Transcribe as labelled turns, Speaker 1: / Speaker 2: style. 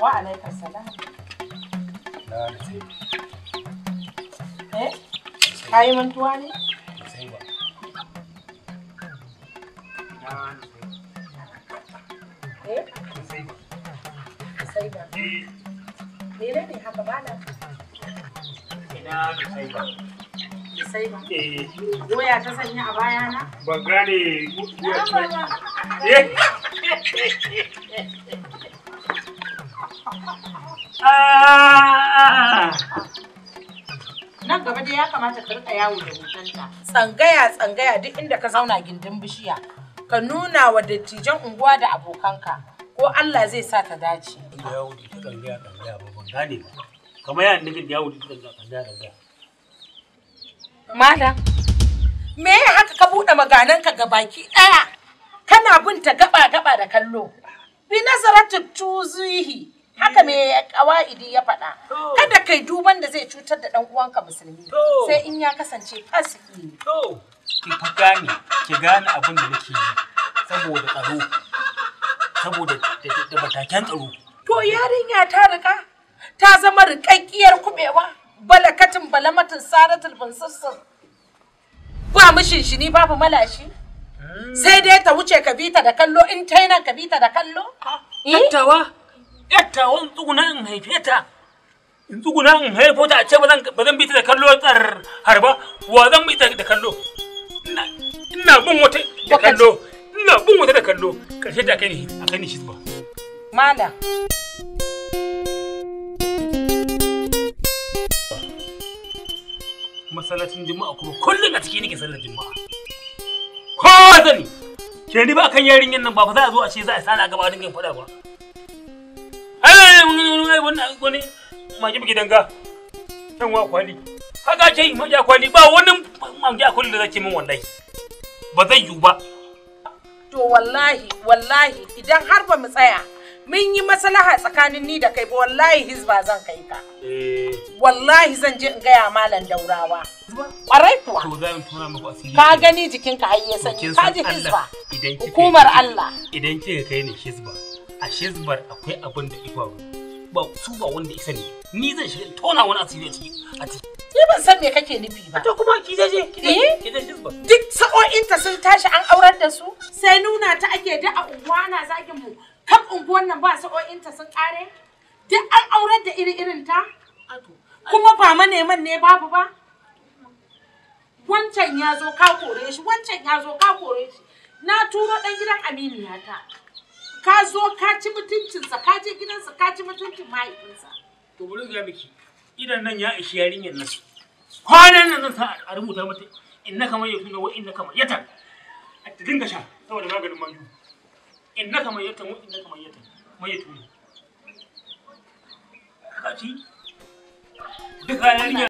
Speaker 1: Wa alaikar salam. Na da sai. Eh? mantuwa ne?
Speaker 2: Sai ba. Na Eh? Sai ba.
Speaker 1: ba na. sai ba. Eh. ta sanya a bayana?
Speaker 2: Ban gane.
Speaker 1: Nan gaba dai ya kamata ka rika yawo da hotonta. Tsangaya tsangaya duk inda ka zauna gindin bishiya. Ka nuna wa dattijan unguwa da abokanka ko Allah zai sa ta dace.
Speaker 2: Yawo da ta tsangaya tsangaya ba ban gane ba. Kamar yana nufin yawo da ta tsangaya tsangaya tsangaya.
Speaker 1: Malam, me ya haka ka buɗe magananka ga baki ɗaya? kana bin ta gaba gaba da kallo bi nazaratu tuzihi haka me kawaidi ya faɗa kada kai duban da zai cutar da dan uwanka musulmi sai in ya kasance
Speaker 2: fasiki ne to ki gane ki gane abin da nake yi saboda tsaro saboda da matakan tsaro
Speaker 1: to yarinya ta rika ta zama rikakkiyar kubewa balakatin balamatin saratul bansassar ba mishin shi ni babu malashi wuce ka bita da kallo in ta yana ka bita da kallo?
Speaker 2: Eh? Yattawa, yattawa in tsuguna in haife ta. In tsuguna in haifo ta a ce ba zan bita da kallo tsar harba, wa zan bita da kallo? Ina bin wata da kallo, ina bin wata da kallo, karshe ta kai ni, a kai ne shi ba. Mala. masallacin juma'a kuma kullum a ciki nake sallar juma'a ko zani ke ba kan yarinyan nan ba fa za a zo a ce za a a gaba dinga faɗa ba ai wannan wani magi bigi danga kan wa kwali kaga ce magi kwali ba wani magi kwali da zake min wallahi ba zai yiwu ba
Speaker 1: to wallahi wallahi idan har ba mu tsaya mun yi maslaha tsakanin ni da kai ba wallahi Hisba zan kai ka eh. wallahi zan je in gaya malam daurawa hizba
Speaker 2: kwarai kuwa to asiri ka gani
Speaker 1: jikinka har ya sanyi ka ji hizba hukumar Allah
Speaker 2: idan kika kai ni hizba a hizbar akwai abin da ifa ba su ba wanda isa ne ni zan shiga tona wani asiri a ciki a ciki
Speaker 1: ni ban san me kake nufi
Speaker 2: ba to kuma ki je je ki je eh? hizba
Speaker 1: duk sa'o'inta sun tashi an aurar da su sai nuna ta ake da a unguwa na zagin mu kan unguwan nan ba sa'o'inta sun kare duk an aurar da iri irin ta kuma ba maneman ne babu ba wancan ya zo ka kore shi wancan ya zo ka kore shi na turo dan gidan aminiya ta ka zo ka ci mutuncinsa ka je gidansa ka ci mutuncin mahaifinsa
Speaker 2: to bari ga miki idan nan ya ishi yarinyar nan kwanan nan zan sa a rubuta mata inna kamar ya kuma wa inna kamar yatan a ta dinga sha saboda maganin manju inna kamar yatan wa inna kamar yatan mai ya tuna ka ci duka yarinyar